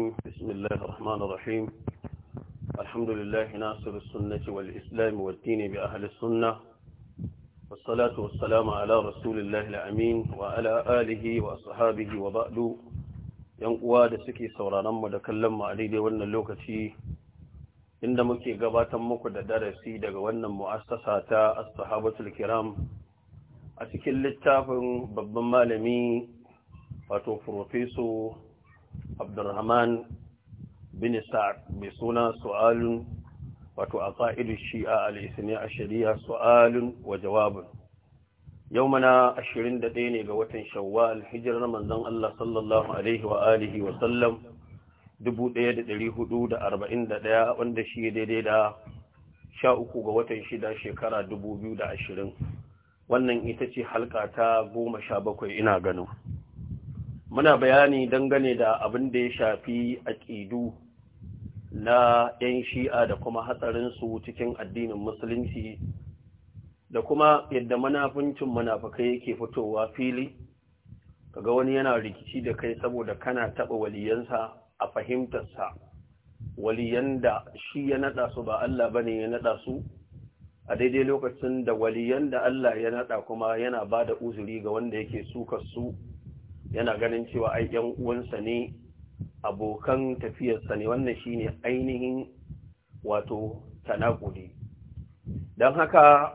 بسم الله الرحمن الرحيم الحمد لله ناصر السنة والإسلام والدين بأهل السنة والصلاة والسلام على رسول الله الأمين وعلى آله وأصحابه وبعد ينقوى دسكي سورانا ودكلم عليه وانا اللوكتي inda muke gabatar muku da darasi daga wannan mu'assasa ta as-sahabatul kiram a cikin littafin babban malami wato professor abdurrahman bin sa'ad mai suna su'alun wato a ƙa'idun shi'a al'isani a shari'a su'alun wa jawabin yau mana 21 ne ga watan Shawwa hijirar manzon Allah sallallahu alaihi wa alihi wa sallam ɗaya wanda shi daidai da uku ga watan shida shekara da ashirin. wannan ita ce halka ta goma sha bakwai ina ganin muna bayani dangane da abin da ya shafi aƙidu na 'yan shi'a da kuma hatsarinsu cikin addinin musulunci da kuma yadda manafincin manafakai yake fitowa fili kaga wani yana rikici da kai saboda kana taɓa waliyansa a fahimtarsa waliyan da shi ya naɗa su ba Allah bane ya naɗa su a daidai lokacin da waliyan da Allah ya naɗa kuma yana ba da uzuri ga wanda yake sukar su yana ganin cewa ai yan uwansa ne abokan tafiyarsa ne wannan shine ainihin wato tanakudi don haka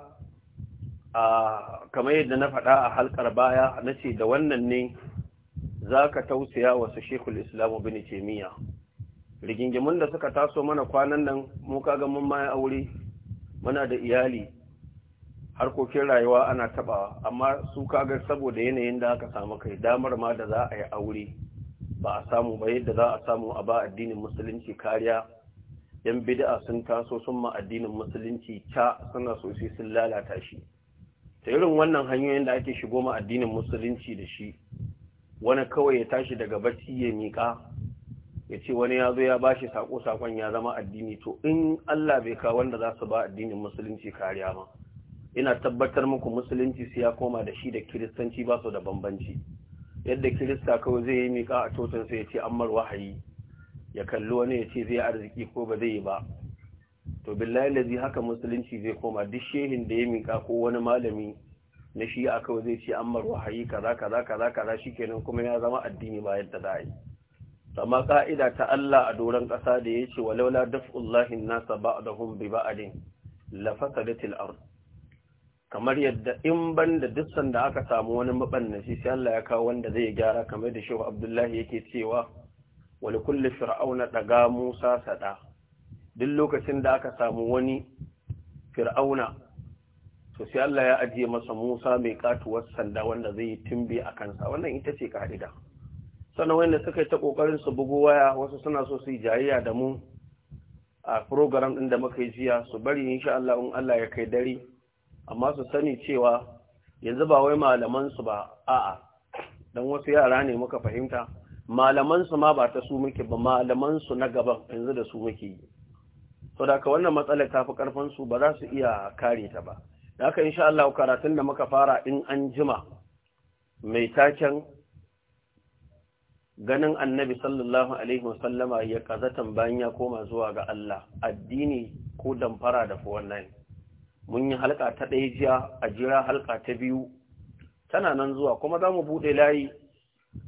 a kamar yadda na faɗa a halkar baya na ce da wannan ne za ka tausaya wasu shekul islamu bin cemiya rigingimin da suka taso mana kwanan nan mu kaga mun maye aure muna da iyali harkokin rayuwa ana tabawa amma su kaga saboda yanayin da aka samu kai damar ma da za a yi aure ba a samu ba yadda za a samu a ba addinin musulunci kariya yan bid'a sun taso sun ma addinin musulunci ta suna sosai sun lalata shi ta irin wannan hanyoyin da ake shigo ma addinin musulunci da shi wani kawai ya tashi daga bacci ya miƙa ya ce wani ya zo ya ba shi saƙo-saƙon ya zama addini to in Allah bai ka wanda za su ba addinin musulunci kariya ma ina tabbatar muku musulunci su ya koma da shi da kiristanci ba su da bambanci yadda kirista kawai zai yi miƙa a totin sai ya ce an mar wahayi ya kalli wani ya ce zai arziki ko ba zai yi ba to billahi lazi haka musulunci zai koma duk shehin da ya miƙa ko wani malami na shi a kawai zai ce an mar wahayi kaza kaza kaza kaza shikenan kuma ya zama addini ba yadda za a yi amma ka'ida ta Allah a doron ƙasa da ya ce walaula daf'ullahi nasa ba'dahum bi ba'din la fasadatil ard kamar yadda in ban da duk sanda aka samu wani mabannaci sai Allah ya kawo wanda zai gyara kamar da Shehu Abdullahi yake cewa wal kulli fir'auna daga Musa sada duk lokacin da aka samu wani fir'auna to sai Allah ya ajiye masa Musa mai katuwar sanda wanda zai timbe a kansa wannan ita ce ka'ida sanan wanda suka yi ta kokarin su bugu waya wasu suna so su yi jayayya da mu a program din da muka yi jiya su bari insha Allah in Allah ya kai dare amma su sani cewa yanzu ba wai malamansu ba a'a don wasu yara ne muka fahimta malamansu ma ba ta su muke ba malamansu na gaban yanzu da su muke yi to da ka wannan matsalar ta fi karfinsu ba za su iya kare ta ba da haka insha Allah karatun da muka fara in an jima mai taken ganin annabi sallallahu alaihi wasallama ya kaza bayan ya koma zuwa ga Allah addini ko damfara da wannan. mun yi halka ta ɗaya jiya a jira halka ta biyu tana nan zuwa kuma za mu buɗe layi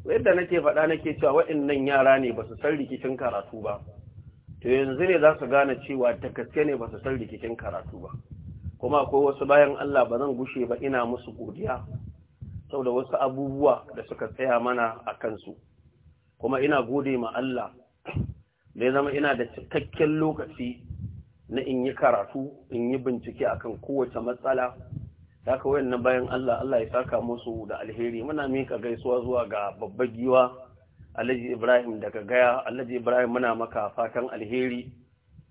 yadda nake faɗa nake cewa waɗannan yara ne ba su san rikicin karatu ba to yanzu ne za su gane cewa ta gaske ne ba su san rikicin karatu ba kuma akwai wasu bayan Allah ba zan gushe ba ina musu godiya saboda wasu abubuwa da suka tsaya mana a kansu kuma ina gode ma Allah da zama ina da cikakken lokaci na in yi karatu in yi bincike akan kowace matsala da ka wayan bayan Allah Allah ya saka musu da alheri muna mika gaisuwa zuwa ga babbar giwa Alhaji Ibrahim daga Gaya Alhaji Ibrahim muna maka fatan alheri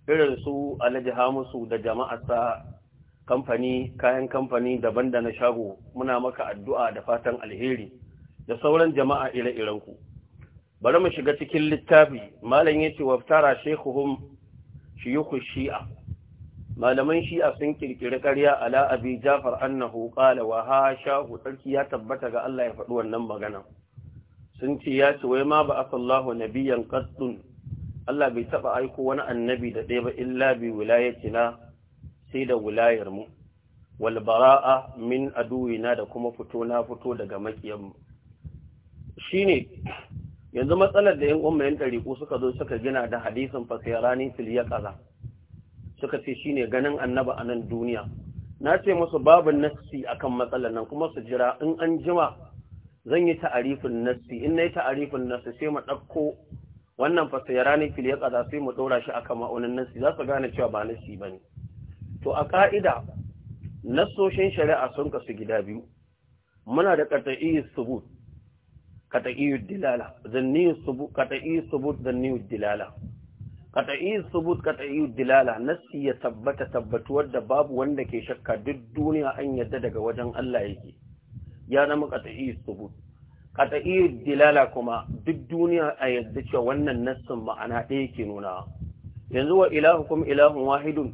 irin su Alhaji Hamisu da sa kamfani kayan kamfani daban da na shago muna maka addu'a da fatan alheri da sauran jama'a ire iren ku bari mu shiga cikin littafi malam yace waftara shaykhuhum Shihu shi'a malaman shi'a sun kirkiri ƙarya ala abi jafar annahu qala wa hasha tsarki ya tabbata ga Allah ya faɗi wannan magana sun ce ya ce wai ma ba a na nabiyan qattun Allah bai taba aiko wani annabi da ɗaya ba illa bi wilayatina sai da wilayar mu wal bara'a min aduwina da kuma fito na fito daga makiyan mu shine yanzu matsalar da yan umma yan ɗariƙo suka zo suka gina da hadisin fasirani fil suka ce shine ganin annaba a nan duniya na ce musu babu nassi akan matsalar nan kuma su jira in an jima zan yi ta'arifin nassi in na yi ta'arifin nassi sai mu ɗauko wannan fasirani filiya kaza sai mu ɗora shi akan ma'aunin nassi za su gane cewa ba nassi ba ne to a ƙa'ida nassoshin shari'a sun kasu gida biyu muna da ƙarƙa'iyyar subut kata'iyud dilala zanni subut dilala kata'i subut dilala nassi ya tabbata tabbatuwar da babu wanda ke shakka duk duniya an yadda daga wajen Allah yake ya zama kata'i subut kata'i dilala kuma duk duniya a yadda cewa wannan nassin ma'ana ɗaya ke nuna yanzu wa kuma ilahun wahidun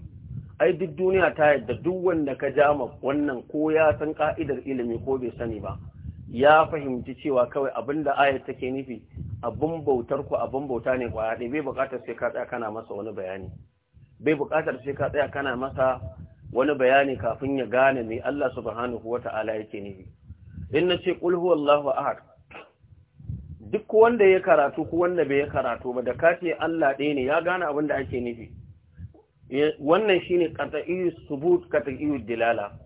ai duk duniya ta yadda duk wanda ka jama wannan ko ya san ka'idar ilimi ko bai sani ba ya fahimci cewa kawai abin da ayar take nufi abin bautar ku abin bauta ne kwaya ɗaya bai buƙatar sai ka tsaya kana masa wani bayani bai buƙatar sai ka tsaya kana masa wani bayani kafin ya gane mai Allah subhanahu ta'ala yake nufi in na ce qul huwallahu ahad duk wanda ya karatu ko wanda bai karatu ba da kace Allah ɗaya ne ya gane abin da ake nufi eh, wannan shine qat'i subut qat'i dilala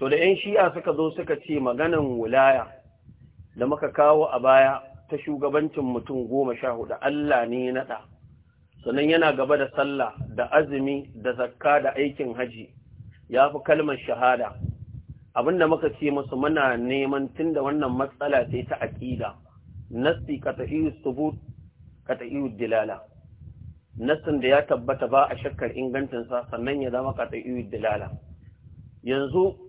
to da ‘yan shi'a suka zo suka ce maganan wulaya da muka kawo a baya ta shugabancin mutum goma sha hudu Allah ne naɗa sannan yana gaba da sallah da azumi da zakka da aikin haji ya fi kalmar shahada abinda muka ce musu muna neman tun da wannan matsala sai ta aƙida nassi ka ta iya dilala nassin da ya tabbata ba a shakkar ingancinsa sannan ya zama ka iya dilala yanzu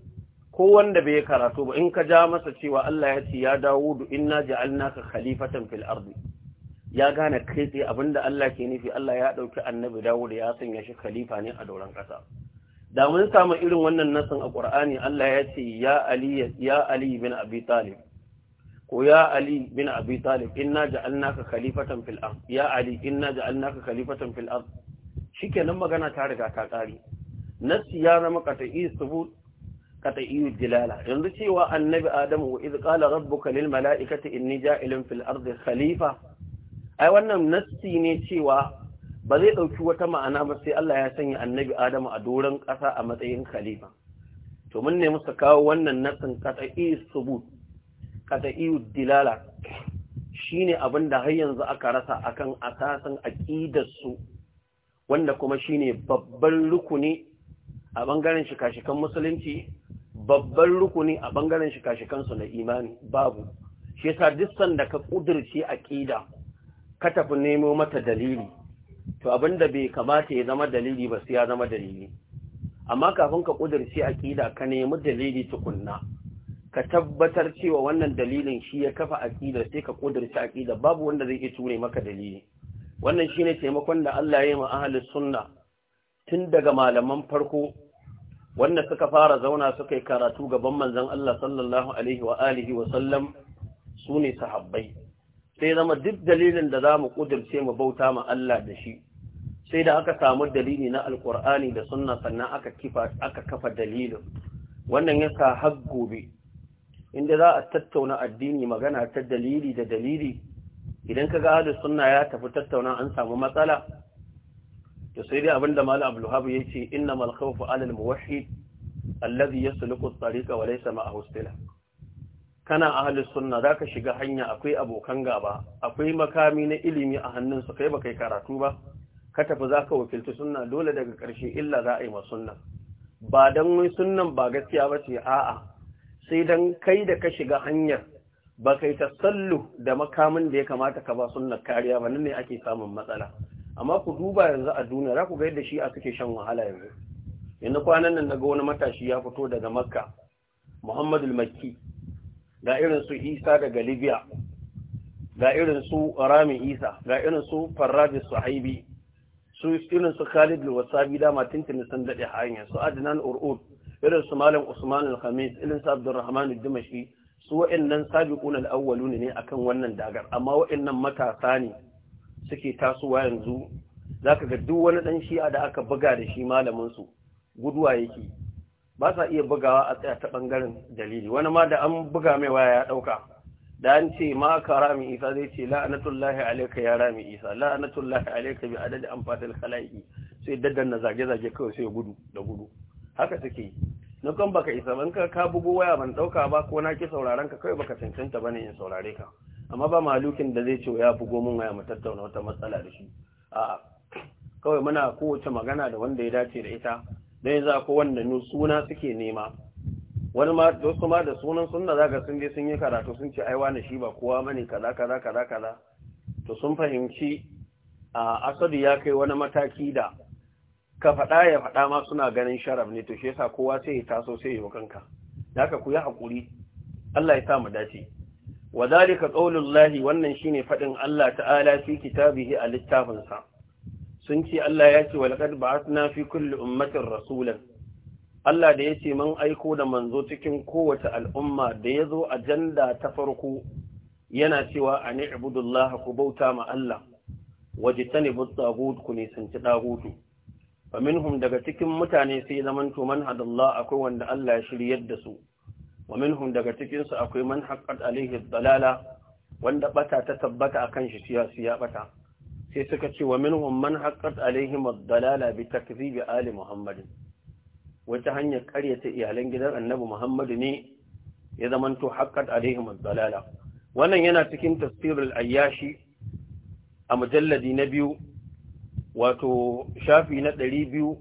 ko wanda bai karatu ba in ka ja masa cewa Allah ya ce ya Dawudu inna ja'alnaka khalifatan fil ardi ya gane kai tsaye abinda Allah ke nufi Allah ya dauki annabi Dawudu ya sanya shi khalifa ne a doron kasa da mun samu irin wannan nasin a Qur'ani Allah ya ce ya Ali ya Ali bin Abi Talib ko ya Ali bin Abi Talib inna ja'alnaka khalifatan fil ard ya Ali inna ja'alnaka khalifatan fil ard shikenan magana ta riga ta kare nasi ya zama qat'i subut qat'iyyu dilala yanzu cewa annabi adamu wa rabbu qala rabbuka lil mala'ikati inni ja'ilun fil ardi khalifa ai wannan nassi ne cewa ba zai ɗauki wata ma'ana ba sai Allah ya sanya annabi adamu a doron ƙasa a matsayin khalifa to mun ne musu kawo wannan nassin qat'iyyu subut qat'iyyu dilala shine abin da har yanzu aka rasa akan asasin aqidar su wanda kuma shine babban rukuni a bangaren shika-shikan musulunci babban rukuni a bangaren shika-shikansu na imani babu shi yasa duk da ka ƙudurci aqida ka tafi nemo mata dalili to abinda bai kamata ya zama dalili ba sai ya zama dalili amma kafin ka kudirce aqida ka nemi dalili tukunna ka tabbatar cewa wannan dalilin shi ya kafa aqida sai ka kudirce aqida babu wanda zai iya ture maka dalili wannan shine taimakon da Allah ya yi ma ahlus sunna tun daga malaman farko wanda suka fara zauna suka yi karatu gaban manzon Allah sallallahu alaihi wa alihi su ne sahabbai sai zama duk dalilin da za mu ƙudurce mu bauta ma Allah da shi sai da aka samu dalili na alƙur'ani da sunna sannan aka kifa aka kafa dalilin wannan ya sa har gobe inda za a tattauna addini magana ta dalili da dalili idan ka ga sunna ya tafi tattauna an samu matsala to sai dai abinda malam abdul wahab yace innamal khawfu al muwahhid alladhi yasluku at-tariqa wa laysa ma'ahu istila kana ahli sunna zaka shiga hanya akwai abokan gaba akwai makami na ilimi a hannunsu kai baka karatu ba ka tafi zaka wakilci sunna dole daga karshe illa za a yi ma sunna ba dan wai sunnan ba gaskiya ba ce. a'a sai dan kai da ka shiga hanyar Bakai ta tasallu da makamin da ya kamata ka ba sunna kariya ba nan ne ake samun matsala amma ku duba yanzu a duniya za ku ga yadda a suke shan wahala yanzu yanzu kwanan nan daga wani matashi ya fito daga makka muhammadu makki ga irin su isa daga libya ga irin su rami isa ga irin su farrabi suhaibi su irin su khalid wasabi dama tintini sun daɗe hanyar su adnan ur'ud irin su malam usman al-khamis irin su abdurrahman al-dimashi su wa'annan sabiqun al-awwalun ne akan wannan dagar amma wa'annan matasa ne suke tasowa yanzu za ka ga duk wani ɗan shi'a da aka buga da shi malaminsu guduwa yake ba sa iya bugawa a tsaya ta ɓangaren dalili wani ma da an buga mai waya ya ɗauka da an ce ma ka isa zai ce la'anatullahi alaika ya rami isa la'anatullahi alaika bi adadi an fatil khalaiki sai daddan na zage-zage kawai sai gudu da gudu haka take yi na kan baka isa ban ka bugo waya ban ɗauka ba ko na ki sauraron ka kawai baka cancanta bane in saurare ka amma ba malukin da zai ce ya bugo mun waya mu tattauna wata matsala da shi a'a kawai muna kowace magana da wanda ya dace da ita dan yanzu akwai wanda nu suna suke nema wani ma wasu ma da sunan da zaka sun je sun yi karatu sun ce ai wani shi ba kowa bane kaza kaza kaza kaza to sun fahimci a asadu ya kai wani mataki da ka faɗa ya faɗa ma suna ganin sharaf ne to shi yasa kowa sai ya taso sai ya yi wa kanka da haka ku yi haƙuri Allah ya sa mu dace wa zalika wannan shine fadin Allah ta'ala fi kitabihi a littafinsa sun ce Allah ya ce walqad ba'athna fi kulli ummatin rasulan Allah da ya ce man aiko da manzo cikin kowace al'umma da ya zo ajanda ta farko yana cewa a ni'budullaha ku bauta ma Allah waje ta ne buttagut ku ne sun ci ɗagutu wa minhum daga cikin mutane sai zaman to man akwai wanda Allah ya shiryar da su wa minhum daga cikin su akwai man haqqat alaihi dalala wanda bata ta tabbata akan shi siyasi ya bata sai suka ce wa minhum man haqqat alaihi dalala bi takdhib ali muhammadin wata hanyar karyata iyalan gidan annabi muhammadu ne ya zamanto haqqat alaihi dalala wannan yana cikin tafsirul ayyashi a mujalladi na biyu wato shafi na ɗari biyu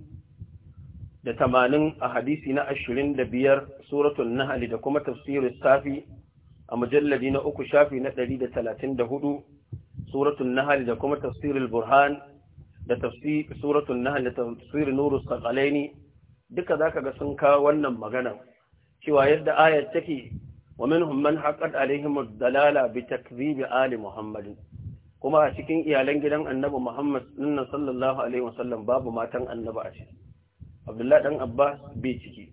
da tamanin a hadisi na ashirin da biyar suratun nahali da kuma tafsirin safi a mujalladi na uku shafi na ɗari da talatin da hudu suratun nahali da kuma tafsirin burhan da suratun nahali da tafsirin nuru sakalaini duka za ka ga sun kawo wannan magana cewa yadda ayar take wa minhum man haƙar alaihim dalala bi takdhib ali muhammadin kuma a cikin iyalan gidan annabi muhammad sallallahu alaihi wasallam babu matan annabi a ciki abdullahi dan abbas bai ciki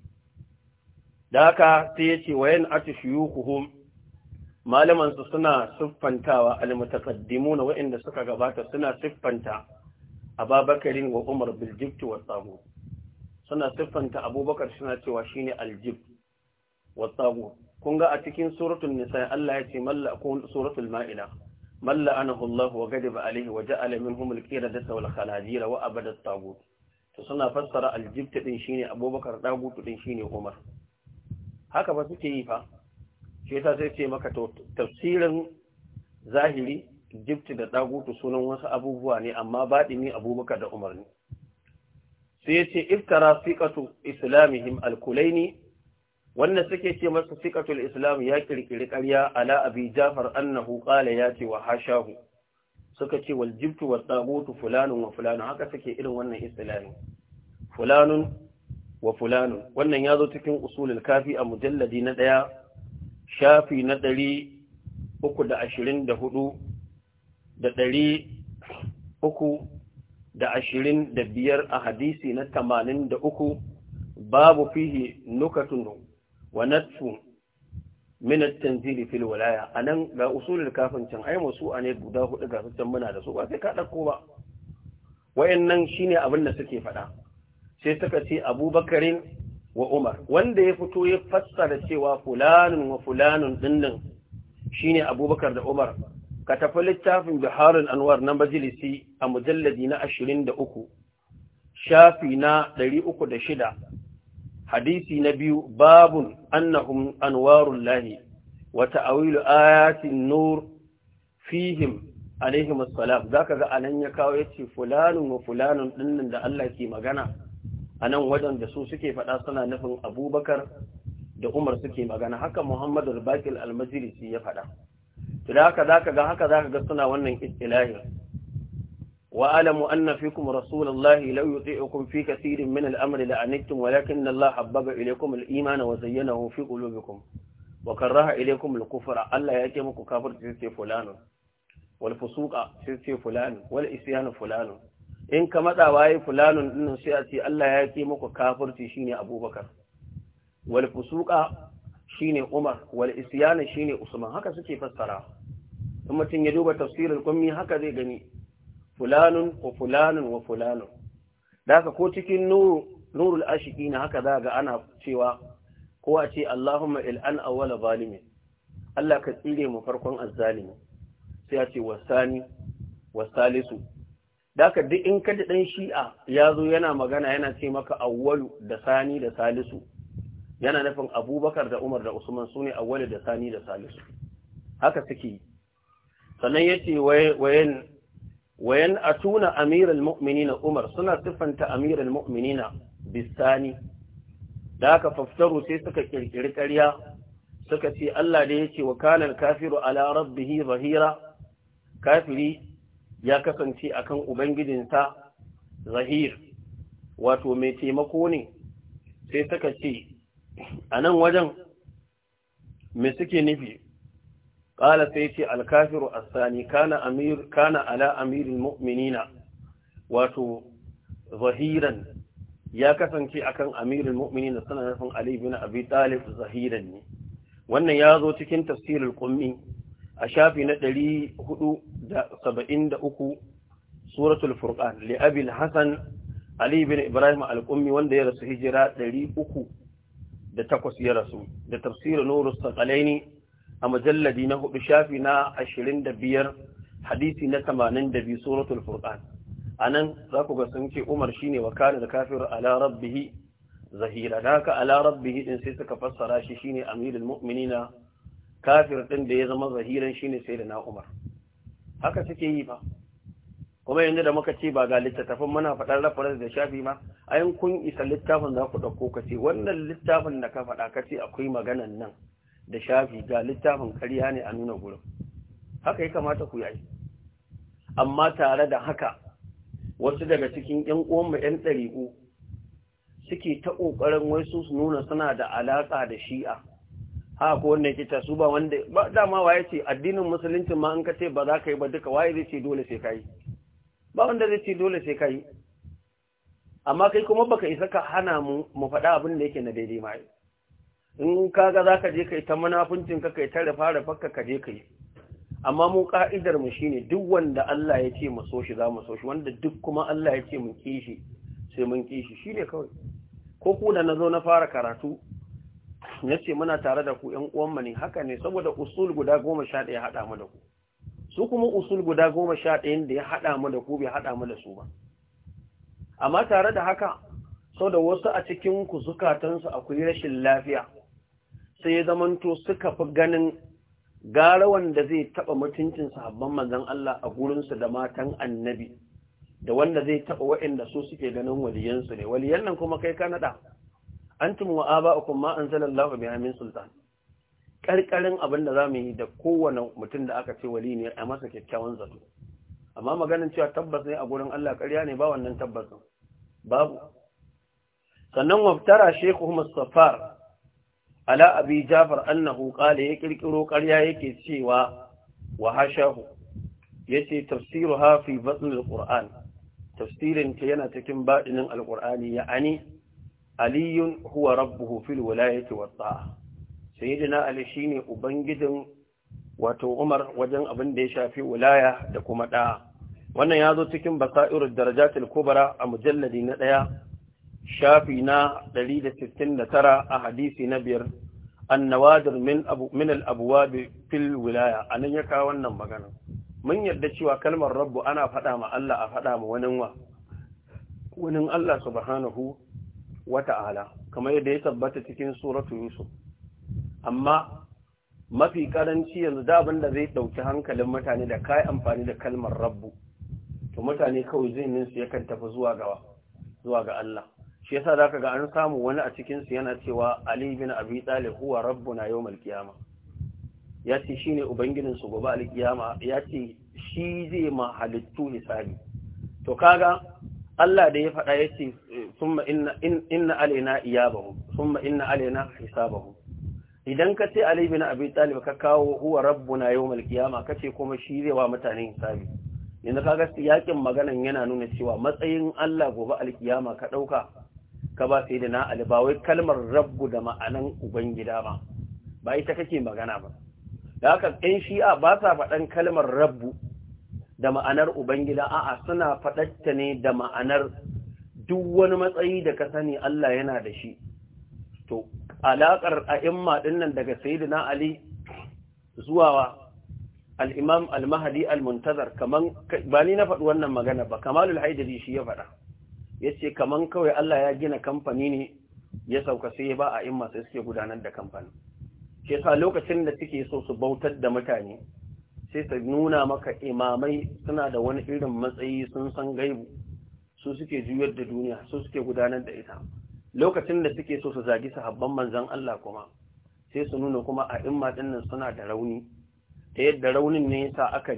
da haka sai ya ce wayan ati shuyukuhum malaman Malamansu suna siffantawa na waɗanda suka gabata suna siffanta ababakarin wa umar bil wa tsago suna siffanta abubakar suna cewa shine ne Aljib wa tsago kun ga a cikin suratul nisa Allah ya ce malla kun suratul maida malla anahu Allah wa gadiba alihi wa ja'ala minhum al qiradata wal khalajira wa abada tsago to suna fassara aljibta din shine abubakar dagutu din shine umar haka ba suke yi fa shi yasa sai ce maka to tafsirin zahiri jibti da dagutu sunan wasu abubuwa ne amma baɗini abubakar da umar ne sai ya ce iftara fiƙatu islamihim alkulaini wanda suke ce masa fiƙatul islam ya ƙirƙiri ƙarya ala abi jafar annahu ƙala ya ce wa hashahu suka ce wal jibtu was fulanun wa fulanun haka suke irin wannan istilahin fulanun wa fulanun wannan ya zo cikin usulul kafi a mujalladi na ɗaya shafi na ɗari uku da ashirin da hudu da ɗari uku da ashirin da biyar a hadisi na tamanin da uku babu fihi nukatun wa natsu min at-tanzili fil walaya anan ga usulul kafincin ai musu ne guda hudu ga sun muna da su ba sai ka dauko ba wayannan shine abin da suke faɗa sai suka ce Abubakarin wa Umar wanda ya fito ya fassara cewa fulanun wa fulanun dinnan shine Abubakar da Umar ka tafi littafin Biharul Anwar na majalisi a mujalladi na 23 shafi na 306 hadisi na biyu babun annahum anwarul lahi wa ta'awilu ayatin nur fihim alaihim assalam zaka ga anan ya kawo yace fulanun wa fulanun ɗinnan da Allah ke magana anan waɗanda su suke faɗa suna nufin Abubakar da Umar suke magana haka Muhammad al-Baqil al ya faɗa to da haka zaka ga haka zaka ga suna wannan istilahi وألم أن فيكم رسول الله لو يطيعكم في كثير من الأمر لأنتم ولكن الله حبب إليكم الإيمان وزينه في قلوبكم وكره إليكم الكفر ألا يتمك كفر سيسي فلان والفسوق سيسي فلان والإسيان فلان إن كما دعواي فلان إنه سيأتي ألا يتمك كفر شيني أبو بكر والفسوق شيني عمر والإسيان شيني أسمان هكذا سيفسرها ثم تنجدوب تفسير القمي هكذا غني fulanun wa fulanun wa fulanun da ko cikin nurul ashiki na haka za ga ana cewa ko a ce Allahumma il'an awwala zalimin Allah ka tsire mu farkon azzalimi sai a ce wasani wasalisu daka duk in ka dan shi'a ya zo yana magana yana ce maka awwalu da sani da salisu yana nufin abubakar da umar da usman su ne awwalu da sani da salisu haka suke sannan ya ce wayan wayan atuna amiral mu'minina umar suna tufanta amiral mu'minina bisani da aka faftaru sai suka kirkiri ƙarya suka ce Allah da yake wa kanan kafiru ala rabbihi zahira kafiri ya kasance akan ubangijinsa zahir wato mai taimako ne sai suka ce a nan wajen me suke nufi ƙala sai ce alkafiru assani kana ala amirin mu'minina wato zahiran ya kasance akan amirin mu'minina suna nufin alibin abi talib zahiran ne wannan ya zo cikin tafsirin ƙummi a shafi na 473 suratul furqan li abil hasan ali ibn ibrahim al-qummi wanda ya rasu hijira 308 da tafsirin nurus saqalaini a mujalladi na hudu shafi na ashirin da biyar hadisi na tamanin da biyu suratul furqan a nan za ku ga Umar shi umar shine wakana da kafir ala rabbihi zahira da haka ala rabbihi din sai suka fassara shi shine amirul mu'minina kafir din da ya zama zahiran shine sai da na umar haka suke yi ba kuma yanzu da muka ce ba ga littattafan muna faɗar rafarar da shafi ma ayin kun isa littafin za ku ɗauko ka ce wannan littafin da ka faɗa ka ce akwai maganan nan da shafi ga littafin ƙarya ne a nuna gurin haka ya kamata ku yi amma tare da haka wasu daga cikin ‘yan uwanmu ‘yan ɗari'u suke ta ƙoƙarin wai su nuna suna da alaƙa da shi'a haka ko wanda ke ta su ba wanda ba dama waye ce addinin musulunci ma in ka ce ba za ka yi ba duka waye zai ce dole sai ka yi ba wanda zai ce dole sai ka yi amma kai kuma baka isa ka hana mu mu faɗa abin da yake na daidai ma yi in kaga za ka je kai ta munafuncin ka kai ta rufa fakka ka je kai amma mu ka'idar mu shine duk wanda Allah ya ce mu so shi za mu so shi wanda duk kuma Allah ya ce mu ki shi sai mun ki shi shine kawai ko ku da nazo na fara karatu nace muna tare da ku ƴan uwan mu ne haka ne saboda usul guda 11 ya hada mu da ku su kuma usul guda 11 da ya hada mu da ku bai hada mu da su ba amma tare da haka sau da wasu a cikin ku zukatansu akwai rashin lafiya sai ya zamanto suka fi ganin gara wanda zai taɓa mutuncin sahabban manzan Allah a gurinsu da matan annabi da wanda zai taɓa waɗanda su suke ganin waliyansu ne waliyan nan kuma kai ka naɗa antum wa aba'ukum an anzalallahu biha min sultan ƙarƙarin abin da zamu yi da kowane mutum da aka ce wali ne a masa kyakkyawan zato amma maganin cewa tabbas ne a gurin Allah ƙarya ne ba wannan tabbasin babu sannan waftara shekuhu mustafar ala abi jafar annahu qala ya kirkiro ƙarya yake cewa wa hashahu yace tafsiruha fi batn alquran tafsirin ta yana cikin baɗinin alqurani ya'ani aliyun huwa rabbuhu fil wilayati wat ta'a sayyidina ali shine ubangijin wato umar wajen abin da ya shafi wilaya da kuma da'a wannan ya zo cikin basairu darajatul kubra a mujalladi na ɗaya shafi na 169 a hadisi na biyar annawadir min min al fil wilaya anan ya kawo wannan magana mun yarda cewa kalmar rabbu ana faɗa ma Allah a faɗa ma wani wa wani Allah subhanahu wata'ala kamar yadda ya tabbata cikin suratu yusuf amma mafi karanci yanzu da abin da zai ɗauki hankalin mutane da kai amfani da kalmar rabbu to mutane kawai zai ninsu yakan tafi zuwa ga zuwa ga Allah shi yasa ka ga an samu wani a cikin su yana cewa Ali bin Abi Talib huwa rabbuna yawmal qiyama ya ce shine ubangijin su gobe alkiyama ya ce shi zai ma halittu hisabi to kaga Allah da ya faɗa ya ce summa inna inna alaina iyabahu summa inna alaina hisabahu idan ka ce Ali bin Abi Talib ka kawo huwa rabbuna yawmal qiyama ce kuma shi zai wa mutane hisabi yanzu kaga yakin maganan yana nuna cewa matsayin Allah gobe alkiyama ka dauka ka ba sai da na ali ba wai kalmar rabbu da ma'anan ubangida ba ba ita kake magana ba da haka ɗan shi'a ba sa faɗan kalmar rabbu da ma'anar ubangida a'a suna faɗatta ne da ma'anar duk wani matsayi da ka sani Allah yana da shi to alaƙar a'imma ɗin nan daga sayyidina ali zuwa wa al'imam al mahdi al-muntazar kaman ba ni na faɗi wannan magana ba kamalul haidari shi ya faɗa ya ce kamar kawai Allah ya gina kamfani ne ya sauka sai ba a in masu suke gudanar da kamfani. Ke sa lokacin da suke so su bautar da mutane sai su nuna maka imamai suna da wani irin matsayi sun san gaibu su suke juyar da duniya su suke gudanar da ita lokacin da suke so su zagi sahabban manzan Allah kuma sai su nuna kuma a masu nan suna da rauni ta yadda raunin ne yasa aka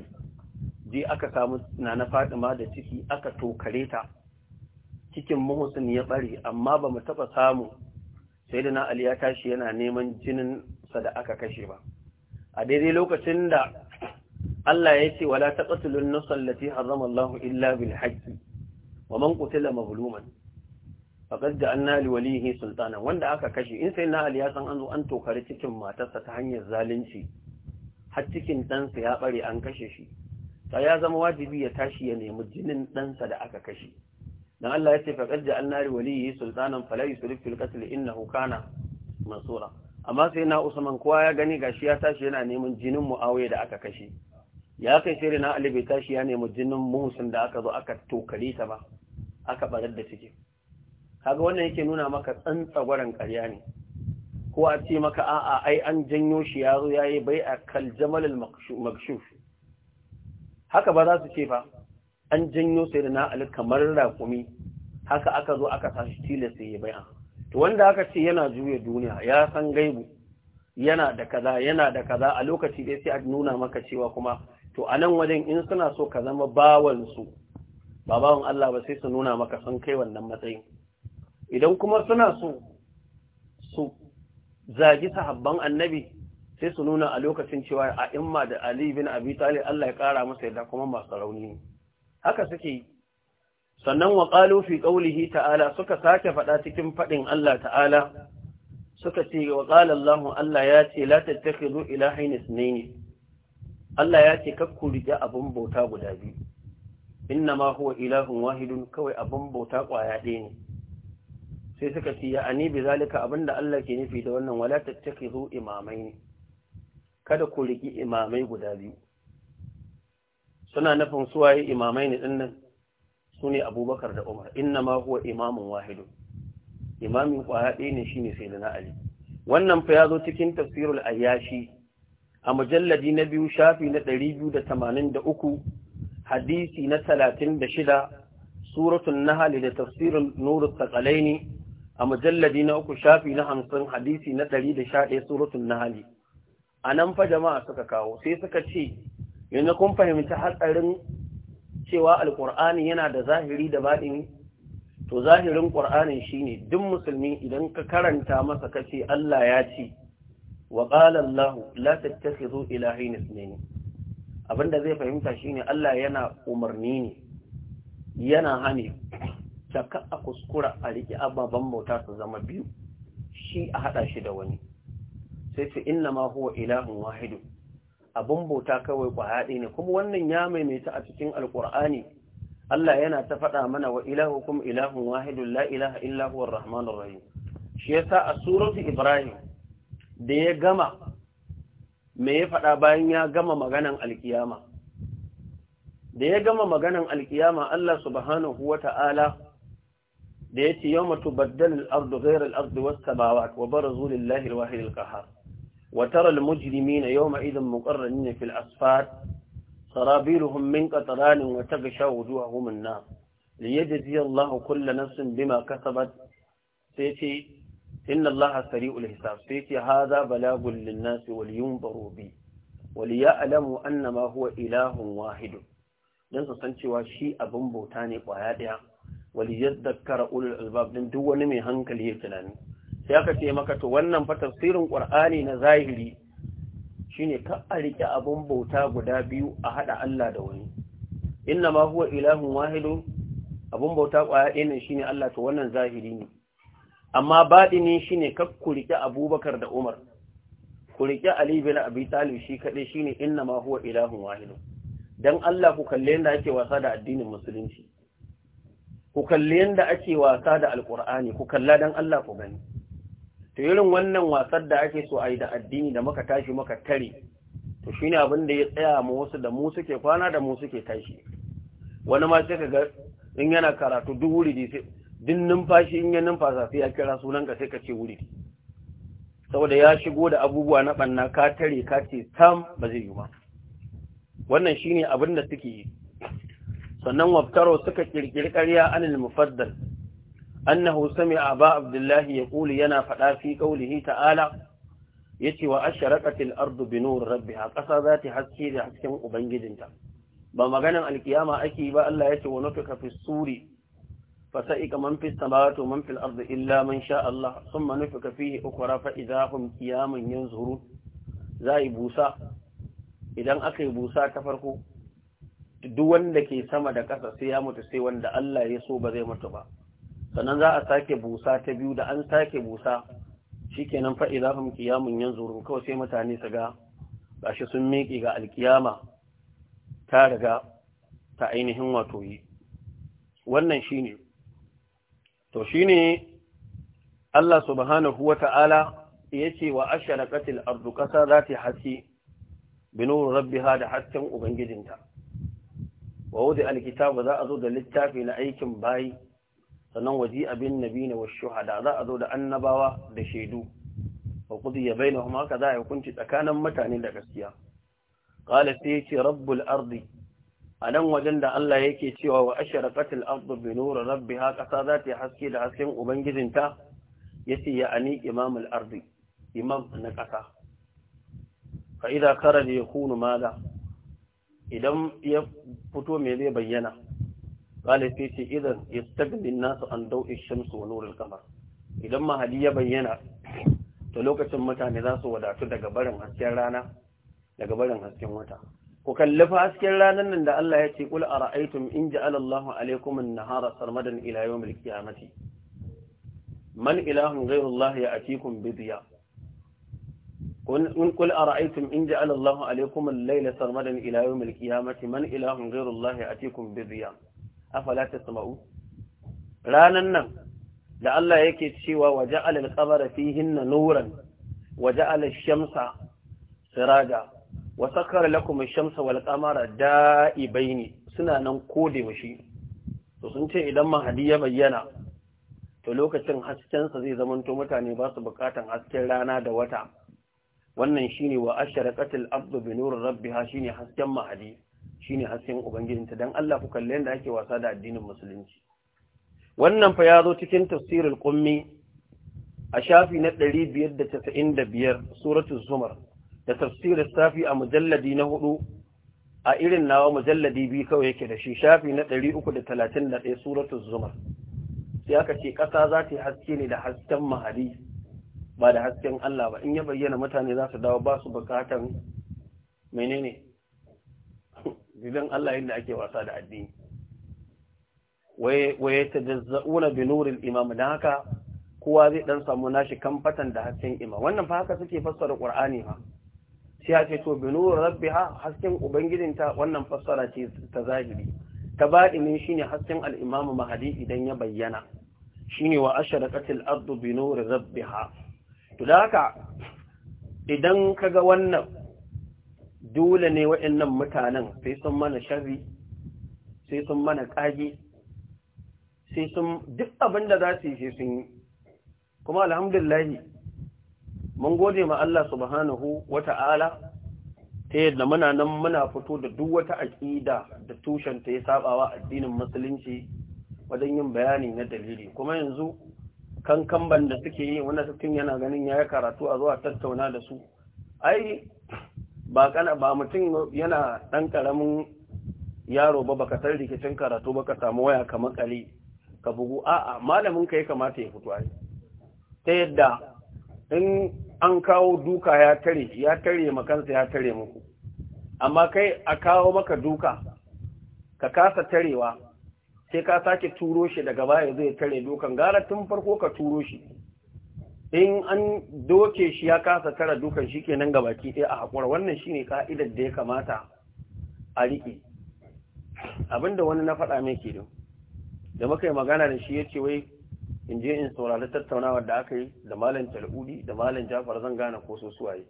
je aka samu na na Fatima da ciki aka tokare ta cikin muhusin ya bare amma ba mu taɓa samu sai da na Ali ya tashi yana neman jinin sa da aka kashe ba a daidai lokacin da Allah ya ce wala taqtulun nafsan allati harrama Allahu illa bil haqqi wa man qutila mazluman faqad ja'alna li walihi sultana wanda aka kashe in sai na Ali ya san an zo an tokari cikin matarsa ta hanyar zalunci har cikin ɗansa ya bare an kashe shi ta ya zama wajibi ya tashi ya nemi jinin ɗansa da aka kashe dan Allah ya ce qad ja'alna li waliyyi sultanan fala yusrif fil qatl innahu kana mansura amma sai na Usman kowa ya gani gashi ya tashi yana neman jinin Muawiya da aka kashe ya kai sai na Ali bai tashi ya nemi jinin Muhsin da aka zo aka tokare ta ba aka barar da ciki kaga wannan yake nuna maka tsantsagwaran ƙarya ne ko a ce maka a'a ai an janyo shi ya zo yayi bai a kal jamalul makshuf haka ba za su ce fa an janyo sai da na'ali kamar raƙumi haka aka zo aka sashi tilasta ya bayan to wanda aka ce yana juya duniya ya san gaibu yana da kaza yana da kaza a lokaci ɗaya sai a nuna maka cewa kuma to a nan wajen in suna so ka zama bawansu ba bawan Allah ba sai su nuna maka sun kai wannan matsayin idan kuma suna so su zagi sahabban annabi sai su nuna a lokacin cewa a imma da Ali bin Abi Talib Allah ya kara masa yadda kuma masu rauni ne haka suke yi sannan wa qalu fi ta'ala suka sake faɗa cikin faɗin Allah ta'ala suka ce wa qala Allah Allah ya ce la tattakhidu ne ithnayn Allah ya ce kakku rike abin bauta guda biyu innama wa ilahun wahidun kawai abun bauta ƙwaya ɗaya ne sai suka ce ya ani bi zalika abinda Allah ke nufi da wannan wala tattakhidu imamai ne kada ku riki imamai guda biyu suna nufin suwaye imamai ne nan? su ne abubakar da umar inna ma huwa imamun wahidu imamin kwaya ɗaya ne shine sai na ali wannan fa ya zo cikin tafsirul ayyashi a mujalladi na biyu shafi na ɗari biyu da tamanin da uku hadisi na talatin da shida suratun nahali da tafsirin nuru tsakalaini a mujalladi na uku shafi na hamsin hadisi na ɗari da sha ɗaya suratun nahali a nan fa jama'a suka kawo sai suka ce yanzu kun fahimci hatsarin cewa alkur'ani yana da zahiri da baɗini to zahirin ƙur'anin shine duk musulmi idan ka karanta masa kace Allah ya ce wa qala ke zo tattakhidhu ilahayn ithnayn abinda zai fahimta shine Allah yana umarni ne yana hani taka a kuskura a riƙe ababen bauta su zama biyu shi a haɗa shi da wani sai ce inna ma huwa ilahun wahidu abun bauta kawai haɗe ne kuma wannan ya maimaita a cikin alkur'ani Allah yana ta faɗa mana wa ilahukum ilahun wahidun la ilaha illa huwa rahmanur rahim shi yasa a suratu ibrahim da ya gama me ya faɗa bayan ya gama maganan alkiyama da ya gama maganan alkiyama Allah subhanahu wata'ala da yace yawma tubaddal al-ardu ghayra al-ardi was samawati wa barazu lillahi al-wahid al-qahhar وترى المجرمين يومئذ مقرنين في الأسفار سرابيلهم من قطران وتغشى وجوههم النار ليجزي الله كل نفس بما كسبت سيتي إن الله سريع الحساب سيتي هذا بلاغ للناس ولينظروا به وليعلموا أنما هو إله واحد لن تسنشوا شيء أبن بوتاني قوايا وليذكر أولو الألباب لن دون من هنكل يتناني sai aka ce maka to wannan fa tafsirin qur'ani na zahiri shine ka a rike abun bauta guda biyu a hada Allah da wani inna ma huwa ilahun wahidu abun bauta kwaya ɗaya shine Allah to wannan zahiri ne amma baɗini shine kar ku rike Abubakar da Umar ku rike Ali bin Abi Talib shi shi shine inna ma huwa ilahun wahidu dan Allah ku kalle yanda ake wasa da addinin musulunci ku kalle yanda ake wasa da alqur'ani ku kalla dan Allah ku gani to irin wannan wasar da ake so a yi da addini da muka tashi muka tare to shine abin da ya tsaya mu wasu da mu suke kwana da mu suke tashi wani ma sai ka in yana karatu duk wuri sai din numfashi in ya numfasa sai ya kira sunan ka sai ka ce wuri saboda ya shigo da abubuwa na banna ka tare ka ce sam ba zai yi ba wannan shine abin da suke yi sannan waftaro suka kirkiri ƙarya anil mufaddal annahu sami'a ba abdullahi ya kuli yana faɗa fi qaulihi ta'ala yace wa asharaqatil ardu bi nur rabbiha ƙasa za ta haske da hasken ubangijinta ba maganan alkiyama ake ba Allah yace wa nafika fi suri فسئك من في السماوات ومن في الأرض إلا من شاء الله ثم نفك فيه أخرى فإذا هم قيام ينظرون زي بوسا idan aka yi busa ta farko duk wanda ke sama da ƙasa sai ya mutu sai wanda Allah ya so ba zai mutu ba sannan za a sake busa ta biyu da an sake busa shikenan fa idahum yanzu, yanzuru kawai sai mutane su ga shi sun miƙe ga alkiyama ta riga ta ainihin wato yi wannan shine to ne Allah subhanahu wata'ala ce wa asharaqatil ardu qasa zati hasi binur rabbiha da hasken ubangijinta wa wudi alkitab za a zo da littafi na aikin bayi sannan waji abin nabi ne wa shuhada za a zo da annabawa da shaidu wa kudu ya bai na kuma haka za a hukunci tsakanin mutane da gaskiya ƙala sai ya ce rabbul ardi a nan wajen da Allah yake cewa wa asharaqatil ardu bi nuri rabbiha ƙasa za ta haske da hasken ubangijinta yace ya ani imamul ardi imam na ƙasa fa idza kharaja yakunu madha idan ya fito me zai bayyana قال سيتي إذا يستقبل الناس عن ضوء الشمس ونور القمر idan mahadi ya bayyana to lokacin mutane za su wadatu daga barin hasken rana daga barin hasken wata ku kalli fa hasken ranar nan da Allah ya ce kul ara'aytum in ja'ala Allahu alaykum an-nahara sarmadan ila yawmil qiyamati man ilahun ghayru Allah ya'tikum bi diya kun kul ara'aytum in ja'ala Allahu alaykum al-layla sarmadan ila yawmil qiyamati man ilahun ghayru Allah ya'tikum bi diya afala tasma'u ranan nan da Allah yake cewa waje al-qamara na nuran waje ash-shamsa siraja wa sakkara lakum ash-shamsa wal-qamara da'ibaini suna nan kode mashi to sun ce idan mahadi ya bayyana to lokacin haskensa zai zamanto mutane ba su bukatan hasken rana da wata wannan shine wa asharaqatil abdu bi rabbiha shine hasken mahadi shine hasken ubangijinta dan Allah ku kalle yanda ake wasa da addinin musulunci wannan fa ya zo cikin tafsirul qummi a shafi na 595 suratul zumar da tafsirul safi a mujalladi na hudu, a irin nawa mujalladi bi kawai yake da shi shafi na 331 suratul zumar sai aka ce ƙasa za ta yi haske ne da hasken mahadi ba da hasken Allah ba in ya bayyana mutane za su dawo ba su bukatan menene gidan Allah yadda ake wasa da addini waye ta jazza'una bi nuril imam da haka kowa zai dan samu nashi kamfatan da hasken imam wannan fa haka suke fassara qur'ani fa sai ya to bi nur rabbiha hasken ubangijinta wannan fassara ce ta zahiri ta baɗinin shine hasken al-imam mahdi idan ya bayyana shine wa asharaqatil ardu bi nur rabbiha to da haka idan kaga wannan dole ne waɗannan mutanen sai sun mana sharri sai sun mana ƙage sai sun duk abin da za su yi sun yi kuma alhamdulillah, mun gode ma Allah subhanahu wata'ala ta yadda muna nan muna fito da duk wata aƙida da tushenta ya sabawa addinin musulunci wajen yin bayani na dalili kuma yanzu kan kamban da suke yi wani sassin yana ganin ya yi karatu a zuwa tattauna da su ai ba kana ba mutum yana ɗan karamin yaro ba baka san rikicin karatu baka samu waya ka makale ka bugu a'a malamin ka ya kamata ya fito ai ta yadda in an kawo duka ya tare ya tare kansa ya tare muku amma kai a kawo maka duka ka kasa tarewa sai ka sake turo shi daga baya zai tare dukan gara tun farko ka turo shi in an doke shi ya kasa tara dukan shi ke nan baki ɗaya a haƙura wannan shi ne ka'idar da ya kamata a riƙe abinda wani na faɗa mai ke da muka yi magana da shi ya ce wai in je in saurari tattaunawar da aka yi da malam tal'udi da malam jafar zan gane ko so waye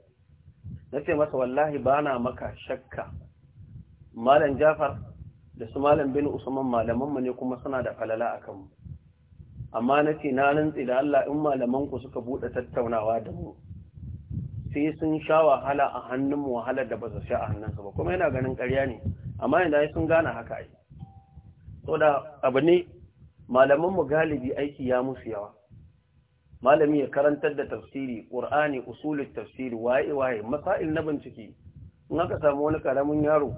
na ce masa wallahi ba na maka shakka malam jafar da su malam bin usman malamanmu ne kuma suna da falala a kanmu amma na ce na rantsi da Allah in malaman ku suka buɗe tattaunawa da mu sai sun sha wahala a hannun mu wahala da ba su sha a hannunsa ba kuma yana ganin ƙarya ne amma yanzu sun gane haka ai to da abu ne malaman mu galibi aiki ya musu yawa malami ya karantar da tafsiri qur'ani usulul tafsiri waye waye masail na bincike in aka samu wani karamin yaro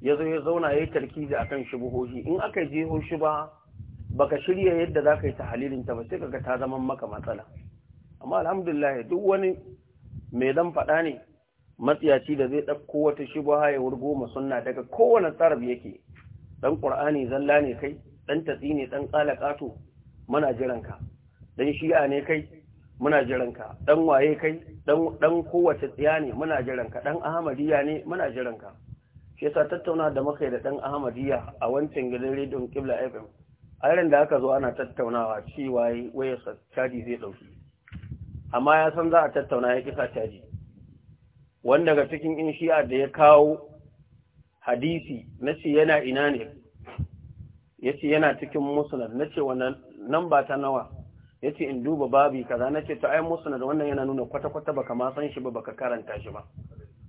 ya zo ya zauna yayi tarkiji akan shubuhohi in aka je ho baka shirya yadda za ka yi tahalilin ta ba sai kaga ta zama maka matsala amma alhamdulillah duk wani mai zan faɗa ne matsiyaci da zai ɗauko wata shubha ya wurgo ma sunna daga kowane tsarab yake Ɗan ƙur'ani zalla ne kai dan tatsi ne dan qalaqato muna jiran ka dan shi'a ne kai muna jiran ka dan waye kai dan dan kowace tsiya ne muna jiran ka dan ahmadiyya ne muna jiran ka shi yasa tattauna da muka da ɗan ahmadiyya a wancan gidan rediyon kibla fm a da aka zo ana tattaunawa cewa wayarsa caji zai ɗauki amma ya san za a tattauna ya kisa caji Wanda daga cikin in shi'a da ya kawo hadisi na ce yana ina ne ya ce yana cikin musulun na ce wannan nan ba ta nawa ya ce in duba babi kaza na ce ta ai da wannan yana nuna kwata-kwata baka ma san shi ba baka karanta shi ba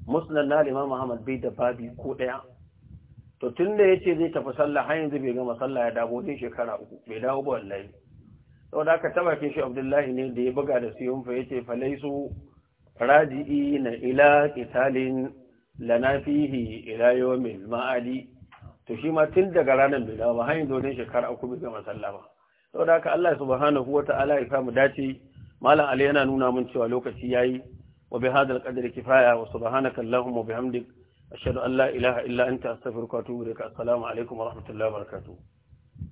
musulun na limam Muhammad bai da babi ko ɗaya to tun da ya ce zai tafi sallah har yanzu bai ga sallah ya dawo zai shekara uku bai dawo ba wallahi saboda aka taba shi abdullahi ne da ya buga da siyun fa yace falaisu raji'i na ila qitalin lana fihi ila yawmil ma'adi to shi ma tun daga ranar bai dawo ba har yanzu zai shekara uku bai gama sallah ba saboda haka Allah subhanahu wata'ala ya samu dace malam Ali yana nuna mun cewa lokaci yayi وبهذا القدر كفاية وسبحانك اللهم bihamdika ashhadu allah la ilaha illa anta astaghfiruka wa atubu ilaik assalamu alaikum wa rahmatullahi